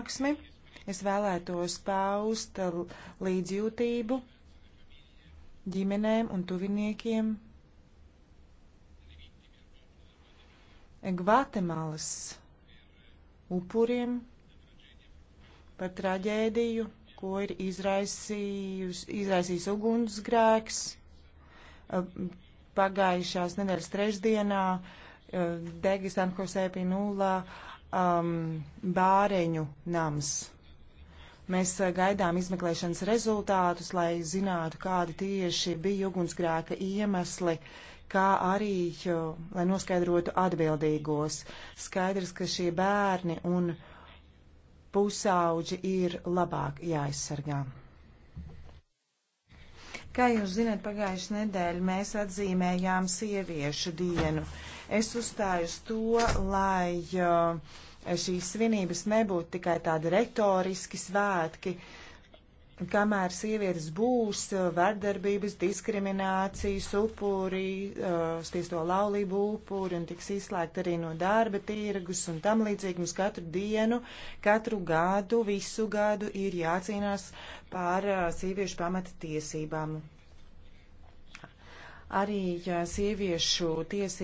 sanāksmi. Es vēlētos paust līdzjūtību ģimenēm un tuviniekiem Gvatemalas upuriem par traģēdiju, ko ir izraisījis ugunsgrēks pagājušās nedēļas trešdienā eh, Degistan Hosē Pinulā um, bāreņu nams. Mēs uh, gaidām izmeklēšanas rezultātus, lai zinātu, kādi tieši bija ugunsgrēka iemesli, kā arī, lai noskaidrotu atbildīgos. Skaidrs, ka šie bērni un pusauģi ir labāk jāaizsargā. Kā jūs zināt, pagājušajā nedēļā mēs atzīmējām sieviešu dienu. Es uzstāju uz to, lai uh, šīs svinības nebūtu tikai tādi retoriski svētki, uh, kamēr sievietes būs eh, vardarbības, diskriminācijas upuri, eh, spiesto laulību upuri un tiks izslēgt arī no darba tirgus un tam līdzīgi mums katru dienu, katru gadu, visu gadu ir jācīnās pār eh, sieviešu pamata tiesībām. Arī sieviešu tiesības.